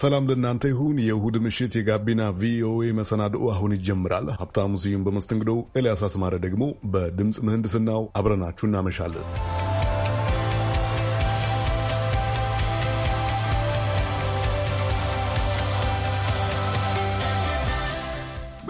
ሰላም ለእናንተ ይሁን። የእሁድ ምሽት የጋቢና ቪኦኤ መሰናድኦ አሁን ይጀምራል። ሀብታሙ ስዩም በመስተንግዶው፣ ኤልያስ አስማረ ደግሞ በድምፅ ምህንድስናው አብረናችሁ እናመሻለን።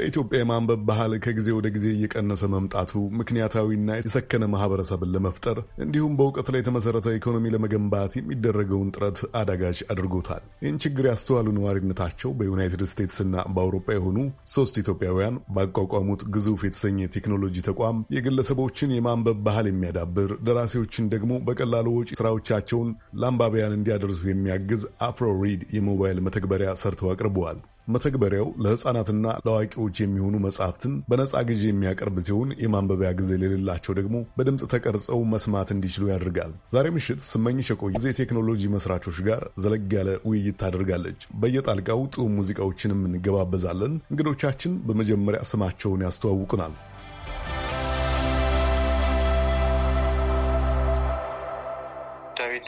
በኢትዮጵያ የማንበብ ባህል ከጊዜ ወደ ጊዜ እየቀነሰ መምጣቱ ምክንያታዊና የሰከነ ማህበረሰብን ለመፍጠር እንዲሁም በእውቀት ላይ የተመሰረተ ኢኮኖሚ ለመገንባት የሚደረገውን ጥረት አዳጋች አድርጎታል። ይህን ችግር ያስተዋሉ ነዋሪነታቸው በዩናይትድ ስቴትስና በአውሮፓ የሆኑ ሶስት ኢትዮጵያውያን ባቋቋሙት ግዙፍ የተሰኘ ቴክኖሎጂ ተቋም የግለሰቦችን የማንበብ ባህል የሚያዳብር ደራሲዎችን ደግሞ በቀላሉ ወጪ ስራዎቻቸውን ለአንባቢያን እንዲያደርሱ የሚያግዝ አፍሮ ሪድ የሞባይል መተግበሪያ ሰርተው አቅርበዋል። መተግበሪያው ለሕፃናትና ለአዋቂዎች የሚሆኑ መጽሐፍትን በነጻ ግዢ የሚያቀርብ ሲሆን የማንበቢያ ጊዜ ለሌላቸው ደግሞ በድምፅ ተቀርጸው መስማት እንዲችሉ ያደርጋል። ዛሬ ምሽት ስመኝሽ የቆየ ዜ የቴክኖሎጂ መስራቾች ጋር ዘለግ ያለ ውይይት ታደርጋለች። በየጣልቃው ጥዑም ሙዚቃዎችንም እንገባበዛለን። እንግዶቻችን በመጀመሪያ ስማቸውን ያስተዋውቁናል።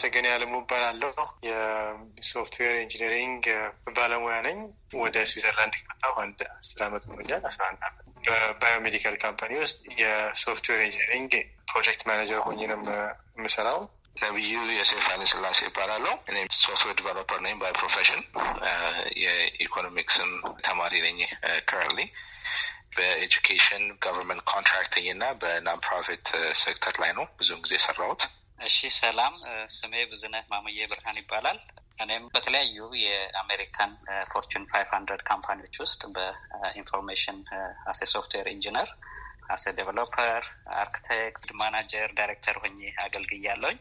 ተገኔ አለሙ እባላለሁ። የሶፍትዌር ኢንጂነሪንግ ባለሙያ ነኝ። ወደ ስዊዘርላንድ የመጣሁ አንድ አስር አመት ሆኖኛል። አስራ አንድ አመት በባዮሜዲካል ካምፓኒ ውስጥ የሶፍትዌር ኢንጂነሪንግ ፕሮጀክት ማኔጀር ሆኜ ነው የምሰራው። ነቢዩ ዮሴፍ ስላሴ ይባላለሁ። እኔም ሶፍትዌር ዲቨሎፐር ነኝ ባይ ፕሮፌሽን። የኢኮኖሚክስም ተማሪ ነኝ ከረንትሊ በኤጁኬሽን፣ ጋቨርንመንት ኮንትራክቲንግ እና በናን በናንፕሮፊት ሴክተር ላይ ነው ብዙውን ጊዜ የሰራሁት። እሺ ሰላም፣ ስሜ ብዝነህ ማሙዬ ብርሃን ይባላል። እኔም በተለያዩ የአሜሪካን ፎርቹን ፋይቭ ሀንድረድ ካምፓኒዎች ውስጥ በኢንፎርሜሽን አሴ ሶፍትዌር ኢንጂነር አሰ ዴቨሎፐር፣ አርክቴክት፣ ማናጀር፣ ዳይሬክተር ሆኜ አገልግያለሁኝ።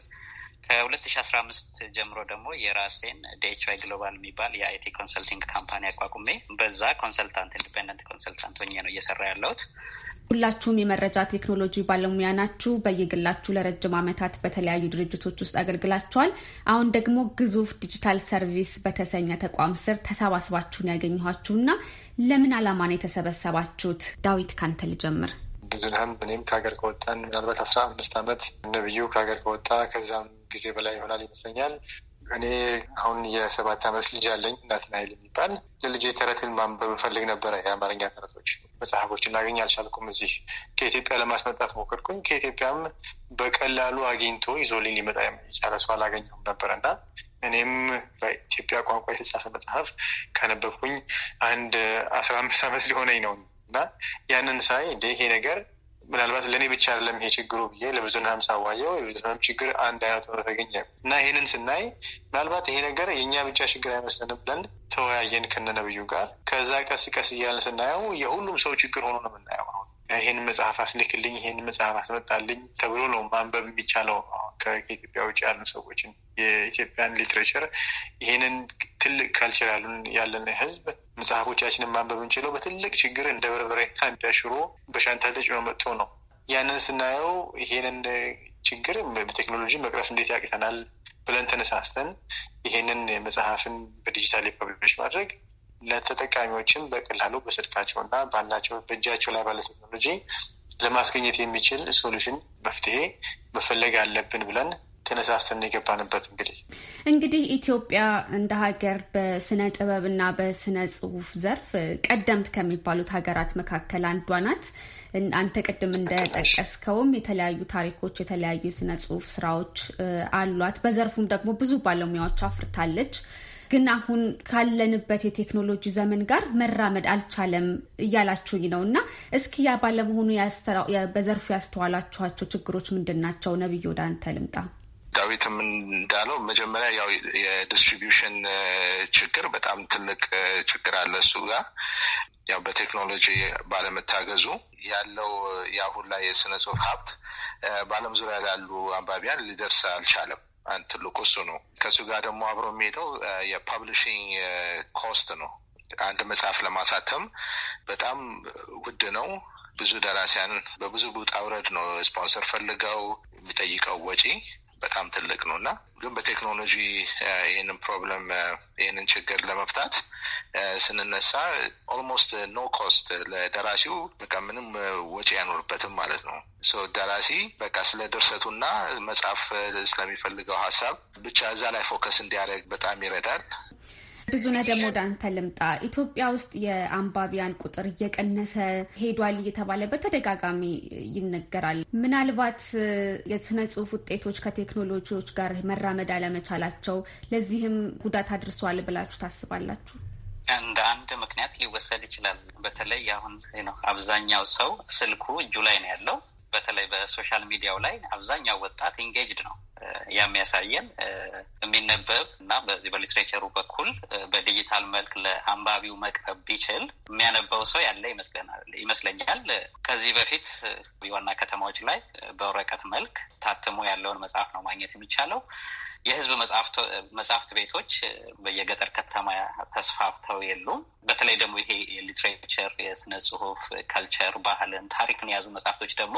ከ ከ2015 ጀምሮ ደግሞ የራሴን ዴችዋይ ግሎባል የሚባል የአይቲ ኮንሰልቲንግ ካምፓኒ አቋቁሜ በዛ ኮንሰልታንት ኢንዲፔንደንት ኮንሰልታንት ሆኜ ነው እየሰራ ያለሁት። ሁላችሁም የመረጃ ቴክኖሎጂ ባለሙያ ናችሁ። በየግላችሁ ለረጅም ዓመታት በተለያዩ ድርጅቶች ውስጥ አገልግላችኋል። አሁን ደግሞ ግዙፍ ዲጂታል ሰርቪስ በተሰኘ ተቋም ስር ተሰባስባችሁን ያገኘኋችሁና ለምን ዓላማ ነው የተሰበሰባችሁት? ዳዊት ካንተ ልጀምር። ብዙነህም እኔም ከሀገር ከወጣን ምናልባት አስራ አምስት ዓመት ነብዩ ከሀገር ከወጣ ከዛም ጊዜ በላይ ይሆናል ይመስለኛል። እኔ አሁን የሰባት ዓመት ልጅ አለኝ። እናትና ይል የሚባል ለልጄ ተረትን ማንበብ እፈልግ ነበረ። የአማርኛ ተረቶች መጽሐፎችን ላገኝ አልቻልኩም። እዚህ ከኢትዮጵያ ለማስመጣት ሞከርኩኝ። ከኢትዮጵያም በቀላሉ አግኝቶ ይዞልኝ ሊመጣ የቻለ ሰው አላገኘሁም ነበረ እና እኔም በኢትዮጵያ ቋንቋ የተጻፈ መጽሐፍ ካነበብኩኝ አንድ አስራ አምስት አመት ሊሆነኝ ነው እና ያንን ሳይ እንደ ይሄ ነገር ምናልባት ለእኔ ብቻ አይደለም ይሄ ችግሩ ብዬ ሀምሳ ሳዋየው የብዙሃንም ችግር አንድ አይነት ሆኖ ተገኘ እና ይህንን ስናይ ምናልባት ይሄ ነገር የእኛ ብቻ ችግር አይመስለንም ብለን ተወያየን ከነነብዩ ጋር። ከዛ ቀስ ቀስ እያልን ስናየው የሁሉም ሰው ችግር ሆኖ ነው የምናየው አሁን ይህን መጽሐፍ አስልክልኝ፣ ይህን መጽሐፍ አስመጣልኝ ተብሎ ነው ማንበብ የሚቻለው። ከኢትዮጵያ ውጭ ያሉ ሰዎችን የኢትዮጵያን ሊትሬቸር ይህንን ትልቅ ካልቸር ያሉን ያለን ህዝብ መጽሐፎቻችንን ማንበብ የምንችለው በትልቅ ችግር እንደ በርበሬና እንደ ሽሮ በሻንጣ ተጭኖ መጥቶ ነው። ያንን ስናየው ይህንን ችግር በቴክኖሎጂ መቅረፍ እንዴት ያቅተናል ብለን ተነሳስተን ይህንን መጽሐፍን በዲጂታል ፐብሊሽ ማድረግ ለተጠቃሚዎችም በቀላሉ በስልካቸው እና ባላቸው በእጃቸው ላይ ባለ ቴክኖሎጂ ለማስገኘት የሚችል ሶሉሽን መፍትሄ መፈለግ አለብን ብለን ተነሳስተን የገባንበት እንግዲህ እንግዲህ ኢትዮጵያ እንደ ሀገር በስነ ጥበብና በስነ ጽሁፍ ዘርፍ ቀደምት ከሚባሉት ሀገራት መካከል አንዷ ናት። አንተ ቅድም እንደጠቀስከውም የተለያዩ ታሪኮች፣ የተለያዩ የስነ ጽሁፍ ስራዎች አሏት። በዘርፉም ደግሞ ብዙ ባለሙያዎች አፍርታለች። ግን አሁን ካለንበት የቴክኖሎጂ ዘመን ጋር መራመድ አልቻለም እያላችሁኝ ነው እና እስኪ ያ ባለመሆኑ በዘርፉ ያስተዋላችኋቸው ችግሮች ምንድን ናቸው? ነብዩ ወደ አንተ ልምጣ። ዳዊትም እንዳለው መጀመሪያ ያው የዲስትሪቢሽን ችግር በጣም ትልቅ ችግር አለ። እሱ ጋር ያው በቴክኖሎጂ ባለመታገዙ ያለው የአሁን ላይ የስነ ጽሁፍ ሀብት በዓለም ዙሪያ ላሉ አንባቢያን ሊደርስ አልቻለም። ትልቁ እሱ ነው። ከእሱ ጋር ደግሞ አብሮ የሚሄደው የፐብሊሽንግ ኮስት ነው። አንድ መጽሐፍ ለማሳተም በጣም ውድ ነው። ብዙ ደራሲያን በብዙ ውጣ ውረድ ነው ስፖንሰር ፈልገው የሚጠይቀው ወጪ በጣም ትልቅ ነው እና ግን በቴክኖሎጂ ይህንን ፕሮብለም ይህንን ችግር ለመፍታት ስንነሳ ኦልሞስት ኖ ኮስት ለደራሲው በቃ ምንም ወጪ አይኖርበትም ማለት ነው። ደራሲ በቃ ስለ ድርሰቱና መጽሐፍ ስለሚፈልገው ሀሳብ ብቻ እዛ ላይ ፎከስ እንዲያደርግ በጣም ይረዳል። ብዙነህ ደግሞ ወደ አንተ ልምጣ። ኢትዮጵያ ውስጥ የአንባቢያን ቁጥር እየቀነሰ ሄዷል እየተባለ በተደጋጋሚ ይነገራል። ምናልባት የስነ ጽሁፍ ውጤቶች ከቴክኖሎጂዎች ጋር መራመድ አለመቻላቸው ለዚህም ጉዳት አድርሰዋል ብላችሁ ታስባላችሁ? እንደ አንድ ምክንያት ሊወሰድ ይችላል። በተለይ አሁን ነው አብዛኛው ሰው ስልኩ እጁ ላይ ነው ያለው። በተለይ በሶሻል ሚዲያው ላይ አብዛኛው ወጣት ኢንጌጅድ ነው የሚያሳየን የሚነበብ እና በዚህ በሊትሬቸሩ በኩል በዲጂታል መልክ ለአንባቢው መቅረብ ቢችል የሚያነበው ሰው ያለ ይመስለኛል። ከዚህ በፊት የዋና ከተማዎች ላይ በወረቀት መልክ ታትሞ ያለውን መጽሐፍ ነው ማግኘት የሚቻለው። የህዝብ መጽሐፍት ቤቶች በየገጠር ከተማ ተስፋፍተው የሉም። በተለይ ደግሞ ይሄ የሊትሬቸር የስነ ጽሁፍ፣ ከልቸር፣ ባህልን፣ ታሪክን የያዙ መጽሐፍቶች ደግሞ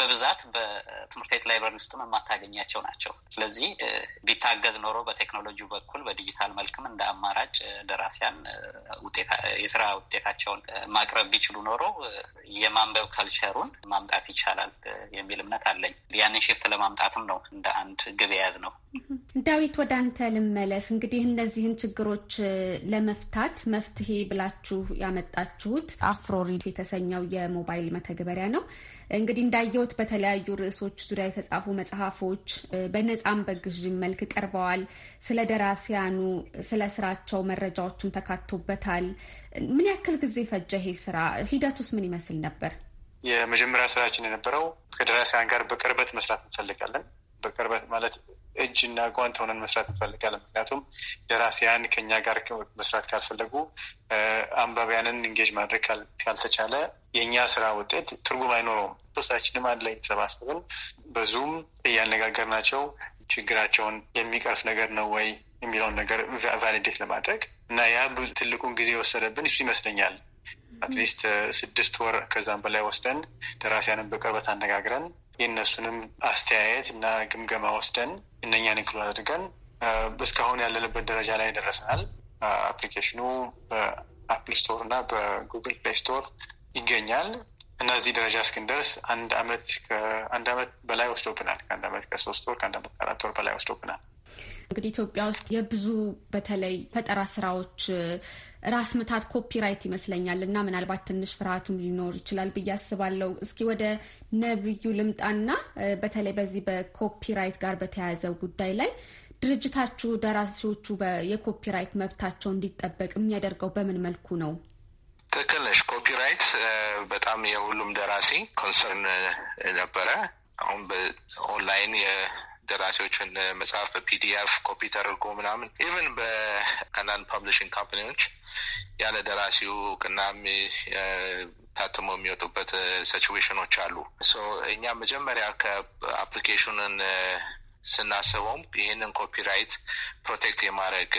በብዛት በትምህርት ቤት ላይብረሪ ውስጥም የማታገኛቸው ናቸው። ስለዚህ ቢታገዝ ኖሮ በቴክኖሎጂ በኩል በዲጂታል መልክም እንደ አማራጭ ደራሲያን የስራ ውጤታቸውን ማቅረብ ቢችሉ ኖሮ የማንበብ ካልቸሩን ማምጣት ይቻላል የሚል እምነት አለኝ። ያንን ሽፍት ለማምጣትም ነው እንደ አንድ ግብ የያዝ ነው። ዳዊት ወደ አንተ ልመለስ። እንግዲህ እነዚህን ችግሮች ለመፍታት መፍትሄ ብላችሁ ያመጣችሁት አፍሮሪድ የተሰኘው የሞባይል መተግበሪያ ነው። እንግዲህ እንዳየሁት በተለያዩ ርዕሶች ዙሪያ የተጻፉ መጽሐፎች በነፃም በግዥም መልክ ቀርበዋል። ስለ ደራሲያኑ ስለ ስራቸው መረጃዎችም ተካቶበታል። ምን ያክል ጊዜ ፈጀ ይሄ ስራ? ሂደቱስ ምን ይመስል ነበር? የመጀመሪያ ስራችን የነበረው ከደራሲያን ጋር በቅርበት መስራት እንፈልጋለን በቅርበት ማለት እጅና ጓንት ሆነን መስራት እንፈልጋለን። ምክንያቱም ደራሲያን ከኛ ጋር መስራት ካልፈለጉ፣ አንባቢያንን እንጌጅ ማድረግ ካልተቻለ የእኛ ስራ ውጤት ትርጉም አይኖረውም። ሶስታችንም አንድ ላይ የተሰባሰብን በዙም እያነጋገርናቸው ችግራቸውን የሚቀርፍ ነገር ነው ወይ የሚለውን ነገር ቫሊዴት ለማድረግ እና ያ ትልቁን ጊዜ የወሰደብን እሱ ይመስለኛል። አትሊስት ስድስት ወር ከዛም በላይ ወስደን ደራሲያንን በቅርበት አነጋግረን የእነሱንም አስተያየት እና ግምገማ ወስደን እነኛን ክሎ አድርገን እስካሁን ያለንበት ደረጃ ላይ ደረሰናል። አፕሊኬሽኑ በአፕል ስቶር እና በጉግል ፕሌይ ስቶር ይገኛል። እና ደረጃ እስክንደርስ አንድ አመት ከአንድ አመት በላይ ወስዶብናል። ከአንድ አመት ከሶስት ወር ከአንድ አመት ከአራት ወር በላይ ወስዶብናል። እንግዲህ ኢትዮጵያ ውስጥ የብዙ በተለይ ፈጠራ ስራዎች ራስ ምታት ኮፒራይት ይመስለኛል እና ምናልባት ትንሽ ፍርሃቱም ሊኖር ይችላል ብዬ አስባለሁ። እስኪ ወደ ነብዩ ልምጣና በተለይ በዚህ በኮፒራይት ጋር በተያያዘው ጉዳይ ላይ ድርጅታችሁ ደራሲዎቹ የኮፒራይት መብታቸው እንዲጠበቅ የሚያደርገው በምን መልኩ ነው? ትክክል ነሽ። ኮፒራይት በጣም የሁሉም ደራሲ ኮንሰርን ነበረ። አሁን በኦንላይን ደራሲዎችን መጽሐፍ በፒዲኤፍ ኮፒ ተደርጎ ምናምን ኢቨን በአንዳንድ ፐብሊሽንግ ካምፓኒዎች ያለ ደራሲው ቅናም ታትሞ የሚወጡበት ሲቹዌሽኖች አሉ። እኛ መጀመሪያ ከአፕሊኬሽኑን ስናስበውም ይህንን ኮፒራይት ፕሮቴክት የማድረግ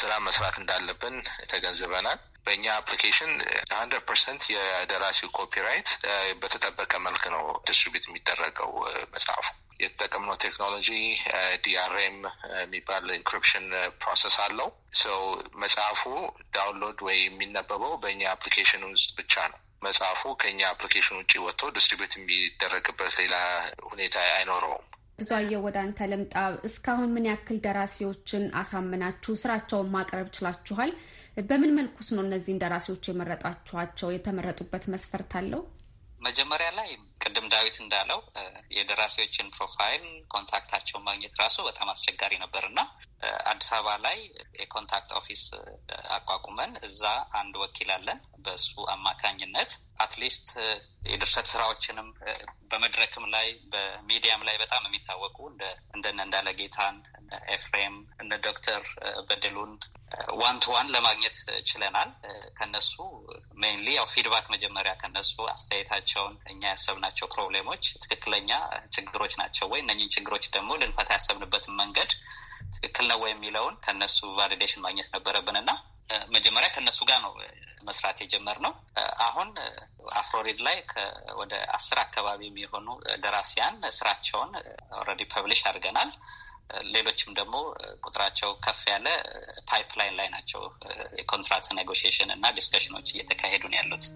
ስራ መስራት እንዳለብን ተገንዝበናል። በእኛ አፕሊኬሽን ሀንድረድ ፐርሰንት የደራሲው ኮፒራይት በተጠበቀ መልክ ነው ዲስትሪቢዩት የሚደረገው መጽሐፉ። የተጠቀምነው ቴክኖሎጂ ዲአርኤም የሚባል ኢንክሪፕሽን ፕሮሰስ አለው። ሰው መጽሐፉ ዳውንሎድ ወይ የሚነበበው በእኛ አፕሊኬሽን ውስጥ ብቻ ነው። መጽሐፉ ከኛ አፕሊኬሽን ውጭ ወጥቶ ዲስትሪቢዩት የሚደረግበት ሌላ ሁኔታ አይኖረውም። ብዙ አየሁ ወደ አንተ ልምጣ። እስካሁን ምን ያክል ደራሲዎችን አሳምናችሁ ስራቸውን ማቅረብ ችላችኋል? በምን መልኩስ ነው እነዚህ ደራሲዎች የመረጣችኋቸው? የተመረጡበት መስፈርት አለው? መጀመሪያ ላይ ቅድም ዳዊት እንዳለው የደራሲዎችን ፕሮፋይል ኮንታክታቸውን ማግኘት ራሱ በጣም አስቸጋሪ ነበር እና አዲስ አበባ ላይ የኮንታክት ኦፊስ አቋቁመን እዛ አንድ ወኪል አለን። በሱ አማካኝነት አትሊስት የድርሰት ስራዎችንም በመድረክም ላይ በሚዲያም ላይ በጣም የሚታወቁ እንደነ እንዳለ ጌታን ኤፍሬም፣ እነ ዶክተር በድሉን ዋን ቱ ዋን ለማግኘት ችለናል። ከነሱ ሜይንሊ ያው ፊድባክ መጀመሪያ ከነሱ አስተያየታቸውን እኛ ያሰብናቸው ፕሮብሌሞች ትክክለኛ ችግሮች ናቸው ወይ፣ እነኝን ችግሮች ደግሞ ልንፈታ ያሰብንበትን መንገድ ትክክል ነው ወይ የሚለውን ከነሱ ቫሊዴሽን ማግኘት ነበረብን እና መጀመሪያ ከነሱ ጋር ነው መስራት የጀመርነው። አሁን አፍሮሪድ ላይ ወደ አስር አካባቢ የሚሆኑ ደራሲያን ስራቸውን ኦልሬዲ ፐብሊሽ አድርገናል። ሌሎችም ደግሞ ቁጥራቸው ከፍ ያለ ፓይፕላይን ላይ ናቸው። የኮንትራት ኔጎሽሽን እና ዲስከሽኖች እየተካሄዱ ነው ያሉት።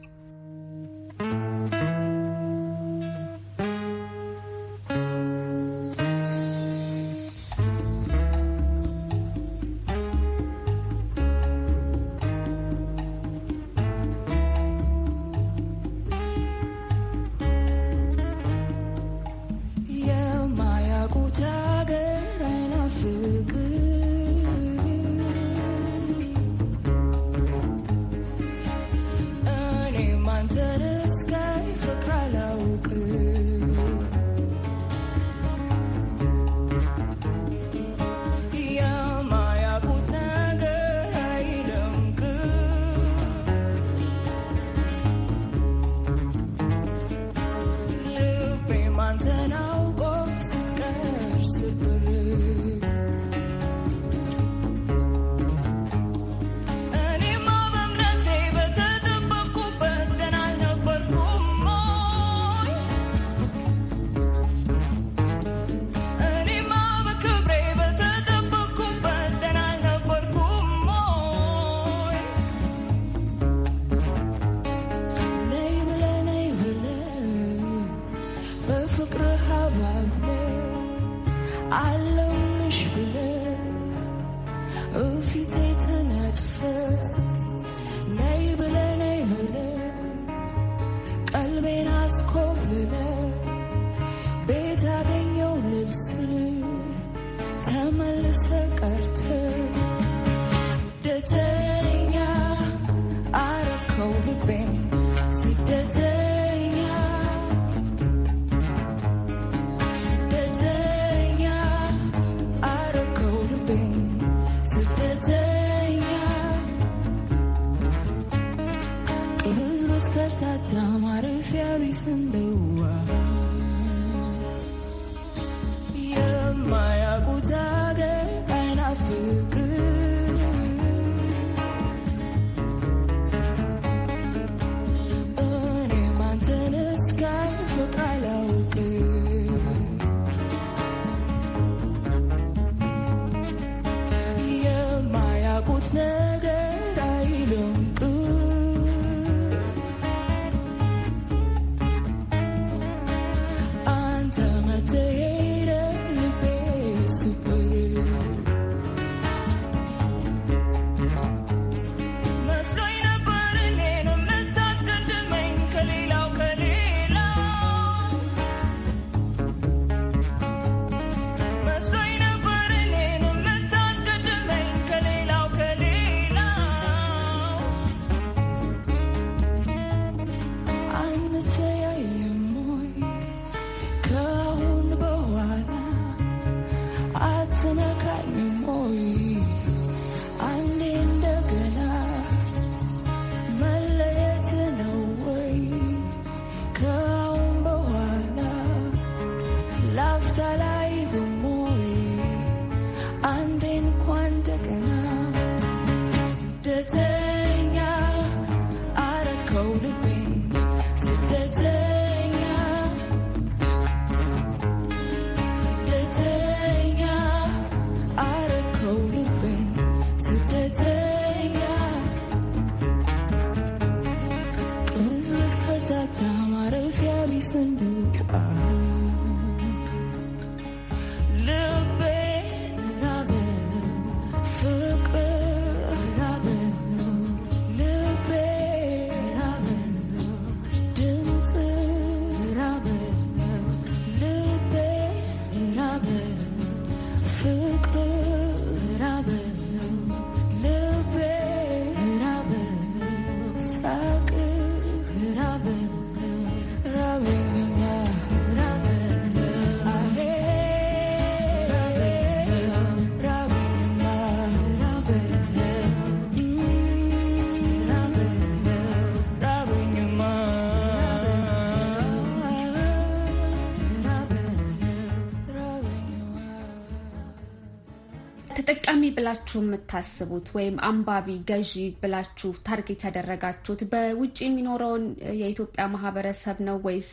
ተጠቃሚ ብላችሁ የምታስቡት ወይም አንባቢ ገዢ ብላችሁ ታርጌት ያደረጋችሁት በውጭ የሚኖረውን የኢትዮጵያ ማህበረሰብ ነው ወይስ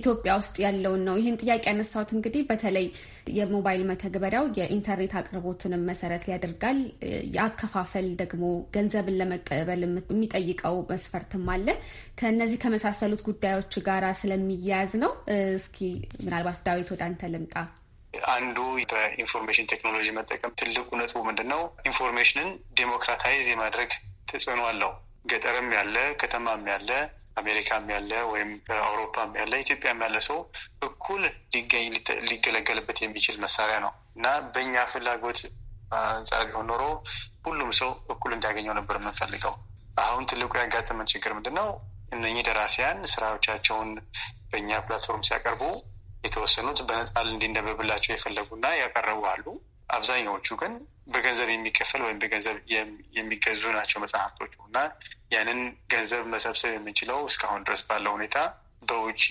ኢትዮጵያ ውስጥ ያለውን ነው? ይህን ጥያቄ ያነሳሁት እንግዲህ በተለይ የሞባይል መተግበሪያው የኢንተርኔት አቅርቦትንም መሰረት ያደርጋል። የአከፋፈል ደግሞ ገንዘብን ለመቀበል የሚጠይቀው መስፈርትም አለ። ከእነዚህ ከመሳሰሉት ጉዳዮች ጋራ ስለሚያያዝ ነው። እስኪ ምናልባት ዳዊት ወደ አንተ ልምጣ። አንዱ በኢንፎርሜሽን ቴክኖሎጂ መጠቀም ትልቁ ነጥቡ ምንድን ነው? ኢንፎርሜሽንን ዴሞክራታይዝ የማድረግ ተጽዕኖ አለው። ገጠርም ያለ ከተማም ያለ አሜሪካም ያለ ወይም አውሮፓም ያለ ኢትዮጵያም ያለ ሰው እኩል ሊገኝ ሊገለገልበት የሚችል መሳሪያ ነው እና በእኛ ፍላጎት አንጻር ቢሆን ኖሮ ሁሉም ሰው እኩል እንዲያገኘው ነበር የምንፈልገው። አሁን ትልቁ ያጋጠመን ችግር ምንድን ነው? እነኚህ ደራሲያን ስራዎቻቸውን በእኛ ፕላትፎርም ሲያቀርቡ የተወሰኑት በነጻ እንዲነበብላቸው የፈለጉና ያቀረቡ አሉ። አብዛኛዎቹ ግን በገንዘብ የሚከፈል ወይም በገንዘብ የሚገዙ ናቸው መጽሐፍቶቹ እና ያንን ገንዘብ መሰብሰብ የምንችለው እስካሁን ድረስ ባለው ሁኔታ በውጪ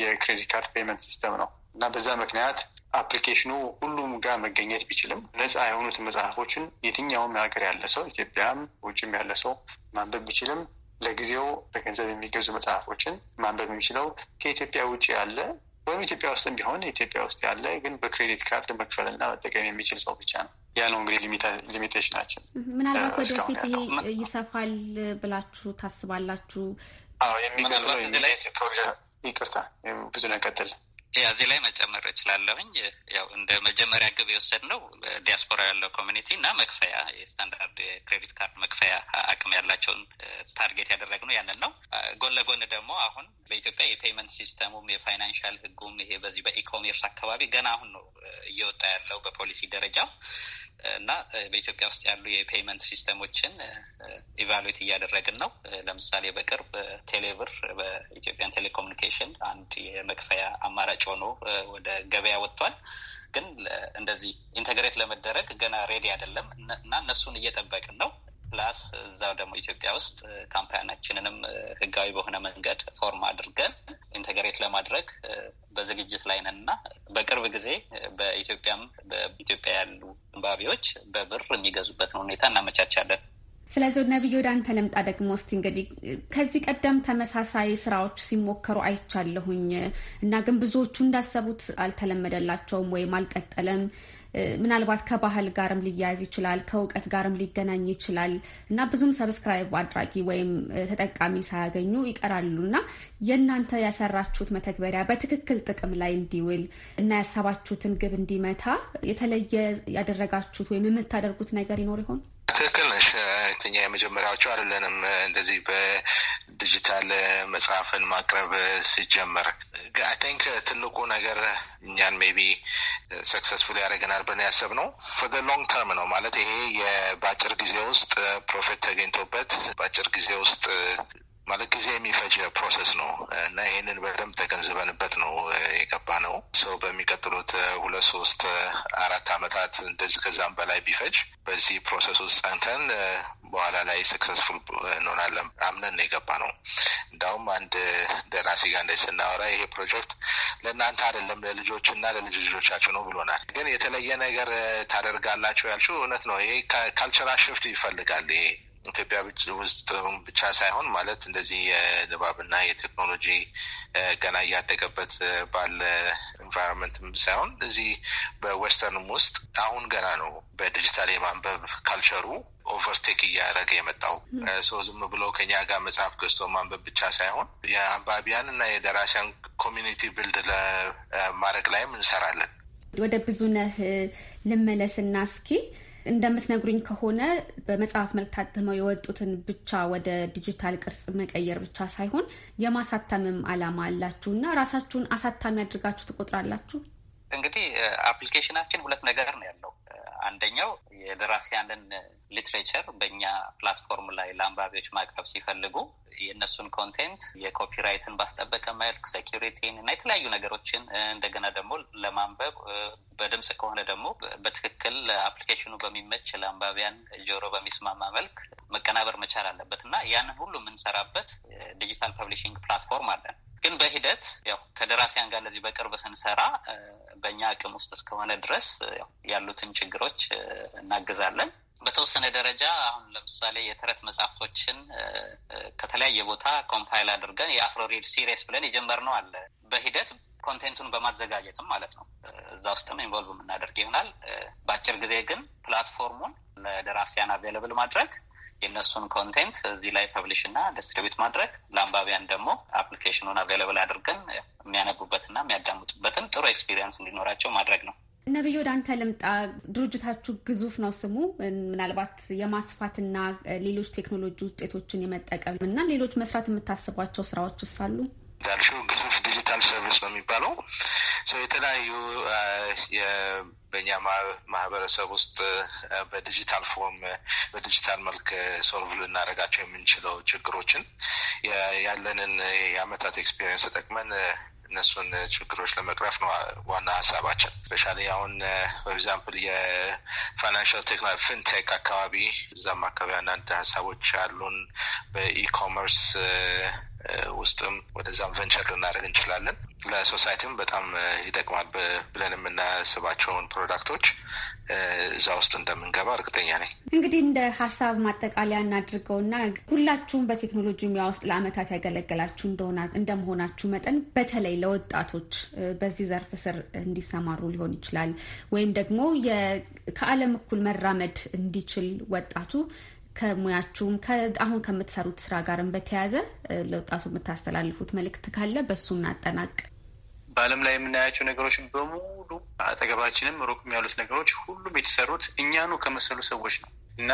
የክሬዲት ካርድ ፔመንት ሲስተም ነው እና በዛ ምክንያት አፕሊኬሽኑ ሁሉም ጋር መገኘት ቢችልም ነፃ የሆኑት መጽሐፎችን የትኛውም ሀገር ያለ ሰው ኢትዮጵያም ውጭም ያለ ሰው ማንበብ ቢችልም ለጊዜው በገንዘብ የሚገዙ መጽሐፎችን ማንበብ የሚችለው ከኢትዮጵያ ውጭ ያለ ወይም ኢትዮጵያ ውስጥም ቢሆን ኢትዮጵያ ውስጥ ያለ ግን በክሬዲት ካርድ መክፈል እና መጠቀም የሚችል ሰው ብቻ ነው። ያ ነው እንግዲህ ሊሚቴሽናችን። ምናልባት ወደፊት ይሄ ይሰፋል ብላችሁ ታስባላችሁ? አዎ የሚቀጥለው ይቅርታ ብዙ ነቀጥል እዚህ ላይ መጨመር እችላለሁኝ። ያው እንደ መጀመሪያ ግብ የወሰድ ነው ዲያስፖራ ያለው ኮሚኒቲ እና መክፈያ የስታንዳርድ የክሬዲት ካርድ መክፈያ አቅም ያላቸውን ታርጌት ያደረግነው ያንን ነው። ጎን ለጎን ደግሞ አሁን በኢትዮጵያ የፔይመንት ሲስተሙም የፋይናንሻል ህጉም ይሄ በዚህ በኢኮሜርስ አካባቢ ገና አሁን ነው እየወጣ ያለው በፖሊሲ ደረጃ እና በኢትዮጵያ ውስጥ ያሉ የፔይመንት ሲስተሞችን ኢቫሉዌት እያደረግን ነው። ለምሳሌ በቅርብ ቴሌብር በኢትዮጵያን ቴሌኮሙኒኬሽን አንድ የመክፈያ አማራጭ ሽያጭ ሆኖ ወደ ገበያ ወጥቷል። ግን እንደዚህ ኢንተግሬት ለመደረግ ገና ሬዲ አይደለም እና እነሱን እየጠበቅን ነው። ፕላስ እዛው ደግሞ ኢትዮጵያ ውስጥ ካምፓናችንንም ህጋዊ በሆነ መንገድ ፎርም አድርገን ኢንተግሬት ለማድረግ በዝግጅት ላይ ነን እና በቅርብ ጊዜ በኢትዮጵያም በኢትዮጵያ ያሉ አንባቢዎች በብር የሚገዙበትን ሁኔታ እናመቻቻለን። ስለዚህ ወደ ወደ አንተ ልምጣ። ደግሞ እስቲ እንግዲህ ከዚህ ቀደም ተመሳሳይ ስራዎች ሲሞከሩ አይቻለሁኝ እና ግን ብዙዎቹ እንዳሰቡት አልተለመደላቸውም ወይም አልቀጠለም። ምናልባት ከባህል ጋርም ሊያያዝ ይችላል፣ ከእውቀት ጋርም ሊገናኝ ይችላል እና ብዙም ሰብስክራይብ አድራጊ ወይም ተጠቃሚ ሳያገኙ ይቀራሉ እና የእናንተ ያሰራችሁት መተግበሪያ በትክክል ጥቅም ላይ እንዲውል እና ያሰባችሁትን ግብ እንዲመታ የተለየ ያደረጋችሁት ወይም የምታደርጉት ነገር ይኖር ይሆን? ትክክል ነሽ። እኛ የመጀመሪያዎቹ አይደለንም። እንደዚህ በዲጂታል መጽሐፍን ማቅረብ ሲጀመር አይ ቲንክ ትልቁ ነገር እኛን ሜቢ ሰክሰስፉል ያደርገናል ብለን ያሰብነው ፎር ዘ ሎንግ ተርም ነው ማለት ይሄ በአጭር ጊዜ ውስጥ ፕሮፊት ተገኝቶበት በአጭር ጊዜ ውስጥ ማለት ጊዜ የሚፈጅ ፕሮሰስ ነው እና ይህንን በደንብ ተገንዝበንበት ነው የገባ ነው። ሰው በሚቀጥሉት ሁለት ሶስት አራት አመታት እንደዚህ ከዛም በላይ ቢፈጅ በዚህ ፕሮሰስ ውስጥ ጸንተን በኋላ ላይ ሰክሰስፉል እንሆናለን አምነን የገባ ነው። እንዳውም አንድ ደራሲ ጋር እንደ ስናወራ ይሄ ፕሮጀክት ለእናንተ አይደለም ለልጆች እና ለልጅ ልጆቻችሁ ነው ብሎናል። ግን የተለየ ነገር ታደርጋላችሁ ያልችው እውነት ነው። ይሄ ካልቸራል ሽፍት ይፈልጋል ይሄ ኢትዮጵያ ውስጥ ብቻ ሳይሆን ማለት እንደዚህ የንባብና የቴክኖሎጂ ገና እያደገበት ባለ ኢንቫይሮንመንትም ሳይሆን እዚህ በዌስተርንም ውስጥ አሁን ገና ነው በዲጂታል የማንበብ ካልቸሩ ኦቨርቴክ እያደረገ የመጣው ሰው ዝም ብሎ ከኛ ጋር መጽሐፍ ገዝቶ ማንበብ ብቻ ሳይሆን የአንባቢያን እና የደራሲያን ኮሚኒቲ ብልድ ለማድረግ ላይም እንሰራለን። ወደ ብዙነህ ልመለስና እስኪ እንደምትነግሩኝ ከሆነ በመጽሐፍ መልክ ታትመው የወጡትን ብቻ ወደ ዲጂታል ቅርጽ መቀየር ብቻ ሳይሆን የማሳተምም ዓላማ አላችሁ እና ራሳችሁን አሳታሚ አድርጋችሁ ትቆጥራላችሁ? እንግዲህ አፕሊኬሽናችን ሁለት ነገር ነው ያለው። አንደኛው የደራሲያንን ሊትሬቸር በእኛ ፕላትፎርም ላይ ለአንባቢዎች ማቅረብ ሲፈልጉ የእነሱን ኮንቴንት የኮፒራይትን ባስጠበቀ መልክ ሴኪሪቲን እና የተለያዩ ነገሮችን እንደገና ደግሞ ለማንበብ በድምፅ ከሆነ ደግሞ በትክክል አፕሊኬሽኑ በሚመች ለአንባቢያን ጆሮ በሚስማማ መልክ መቀናበር መቻል አለበት እና ያንን ሁሉ የምንሰራበት ዲጂታል ፐብሊሽንግ ፕላትፎርም አለን። ግን በሂደት ያው ከደራሲያን ጋር እንደዚህ በቅርብ ስንሰራ በእኛ አቅም ውስጥ እስከሆነ ድረስ ያሉትን ችግሮች እናግዛለን። በተወሰነ ደረጃ አሁን ለምሳሌ የተረት መጽሐፍቶችን ከተለያየ ቦታ ኮምፓይል አድርገን የአፍሮሪድ ሲሪስ ብለን የጀመርነው አለ። በሂደት ኮንቴንቱን በማዘጋጀትም ማለት ነው። እዛ ውስጥም ኢንቮልቭ የምናደርግ ይሆናል። በአጭር ጊዜ ግን ፕላትፎርሙን ለደራሲያን አቬለብል ማድረግ የእነሱን ኮንቴንት እዚህ ላይ ፐብሊሽ እና ዲስትሪቢዩት ማድረግ ለአንባቢያን ደግሞ አፕሊኬሽኑን አቬለብል አድርገን የሚያነቡበትና የሚያዳምጡበትን ጥሩ ኤክስፒሪየንስ እንዲኖራቸው ማድረግ ነው። ነቢዩ ወደ አንተ ልምጣ። ድርጅታችሁ ግዙፍ ነው ስሙ። ምናልባት የማስፋትና ሌሎች ቴክኖሎጂ ውጤቶችን የመጠቀም እና ሌሎች መስራት የምታስቧቸው ስራዎች ውሳሉ አሉ እንዳልሽው ግዙፍ ዲጂታል ሰርቪስ ነው የሚባለው ሰው የተለያዩ በእኛ ማህበረሰብ ውስጥ በዲጂታል ፎርም በዲጂታል መልክ ሶልቭ ልናደርጋቸው የምንችለው ችግሮችን ያለንን የአመታት ኤክስፒሪየንስ ተጠቅመን እነሱን ችግሮች ለመቅረፍ ነው ዋና ሀሳባችን። ስፔሻሊ አሁን ኤግዛምፕል የፋይናንሽል ቴክኖሎጂ ፊንቴክ አካባቢ እዛም አካባቢ አንዳንድ ሀሳቦች አሉን በኢኮመርስ ውስጥም ወደዛም ቨንቸር ልናደርግ እንችላለን። ለሶሳይቲም በጣም ይጠቅማል ብለን የምናስባቸውን ፕሮዳክቶች እዛ ውስጥ እንደምንገባ እርግጠኛ ነኝ። እንግዲህ እንደ ሀሳብ ማጠቃለያ እናድርገውና ሁላችሁም በቴክኖሎጂ ሙያ ውስጥ ለአመታት ያገለገላችሁ እንደመሆናችሁ መጠን በተለይ ለወጣቶች በዚህ ዘርፍ ስር እንዲሰማሩ ሊሆን ይችላል ወይም ደግሞ ከዓለም እኩል መራመድ እንዲችል ወጣቱ ከሙያችሁም አሁን ከምትሰሩት ስራ ጋርም በተያያዘ ለወጣቱ የምታስተላልፉት መልእክት ካለ በእሱ እናጠናቅ። በዓለም ላይ የምናያቸው ነገሮች በሙሉ አጠገባችንም ሩቅም ያሉት ነገሮች ሁሉም የተሰሩት እኛኑ ከመሰሉ ሰዎች ነው እና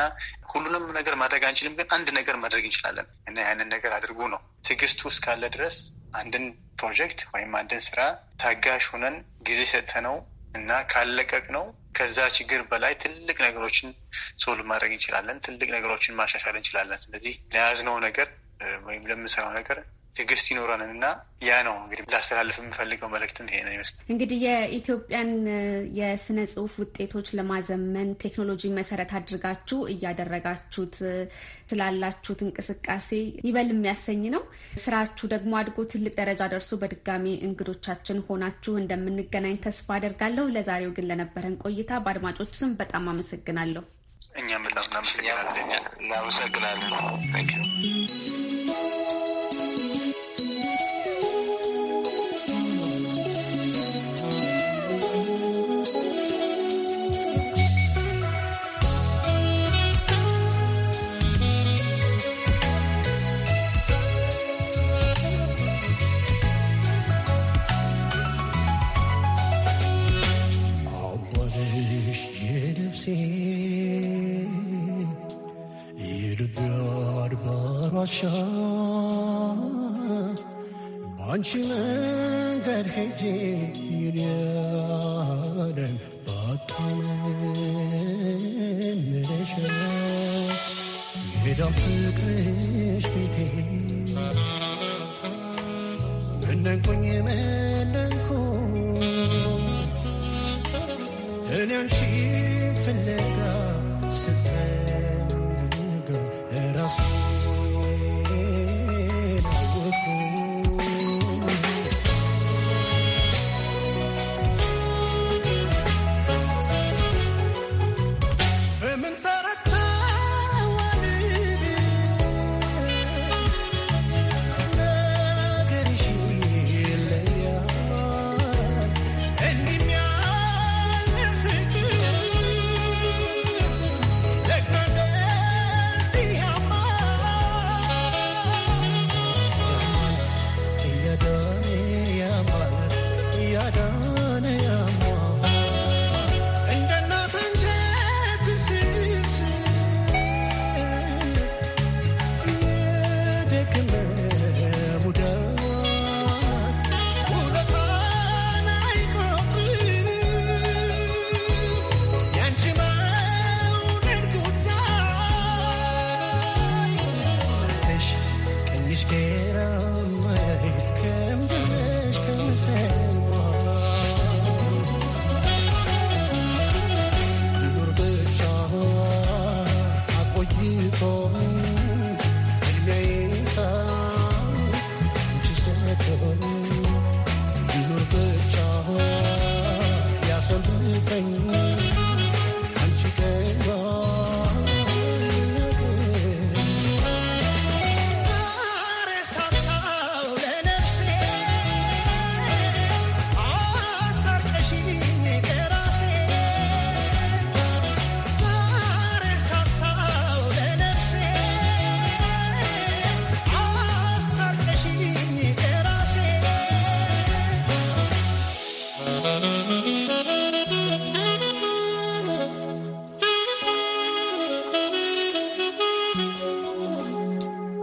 ሁሉንም ነገር ማድረግ አንችልም፣ ግን አንድ ነገር ማድረግ እንችላለን እና ያንን ነገር አድርጉ ነው። ትዕግስቱ እስካለ ድረስ አንድን ፕሮጀክት ወይም አንድን ስራ ታጋሽ ሆነን ጊዜ ሰጥተነው እና ካለቀቅ ነው ከዛ ችግር በላይ ትልቅ ነገሮችን ሶልቭ ማድረግ እንችላለን። ትልቅ ነገሮችን ማሻሻል እንችላለን። ስለዚህ ለያዝነው ነገር ወይም ለምንሰራው ነገር ትዕግስት ይኖረንን እና ያ ነው እንግዲህ ላስተላልፍ የምፈልገው መልእክትም ይሄ ነው ይመስል እንግዲህ የኢትዮጵያን የስነ ጽሁፍ ውጤቶች ለማዘመን ቴክኖሎጂ መሰረት አድርጋችሁ እያደረጋችሁት ስላላችሁት እንቅስቃሴ ይበል የሚያሰኝ ነው። ስራችሁ ደግሞ አድጎ ትልቅ ደረጃ ደርሶ በድጋሚ እንግዶቻችን ሆናችሁ እንደምንገናኝ ተስፋ አደርጋለሁ። ለዛሬው ግን ለነበረን ቆይታ በአድማጮች ስም በጣም አመሰግናለሁ። እኛም በጣም እናመሰግናለን። እናመሰግናለን።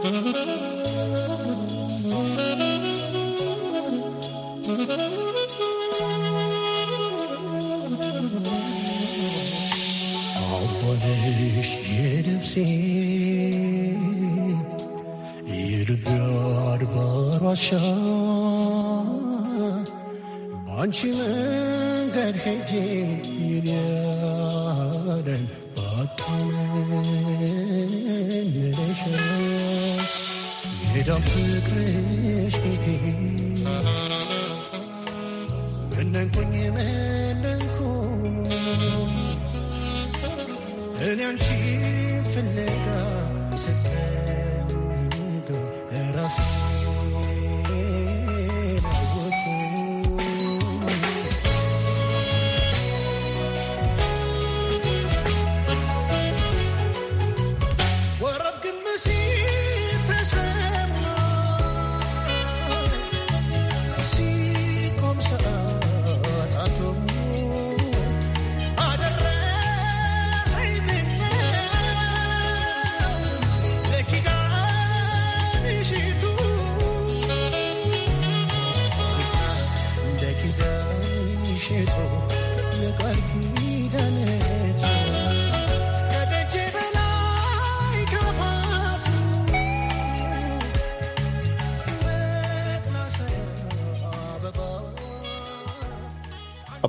Mm-hmm.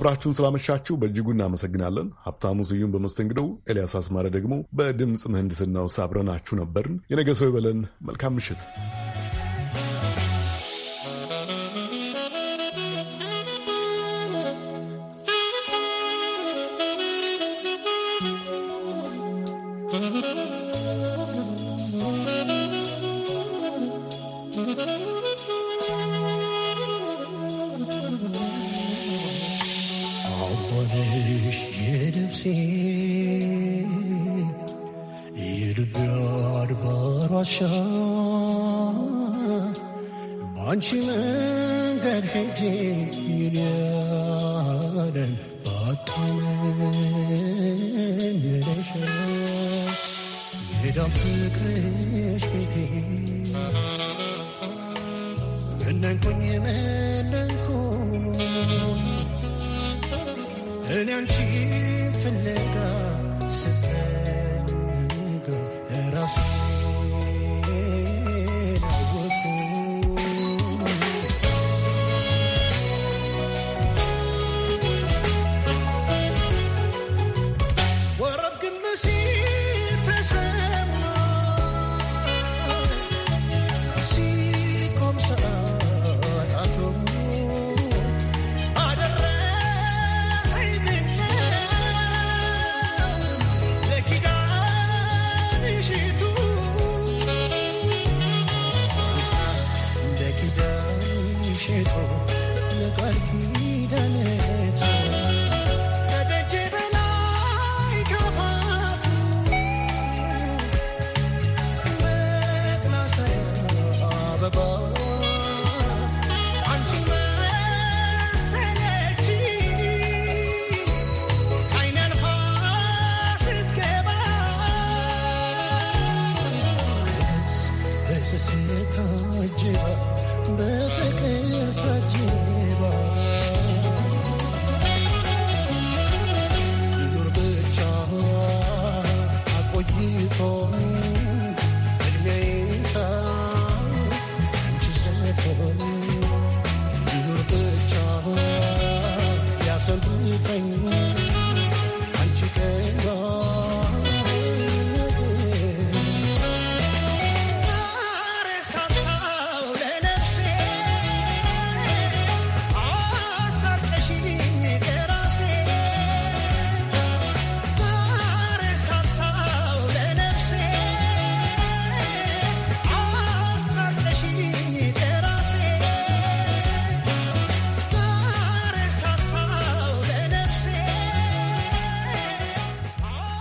አብራችሁን ስላመሻችሁ በእጅጉ እናመሰግናለን። ሀብታሙ ስዩም በመስተንግደው፣ ኤልያስ አስማረ ደግሞ በድምፅ ምህንድስናው አብረናችሁ ነበርን። የነገ ሰው ይበለን። መልካም ምሽት። sure. በፍቅር ታጅባ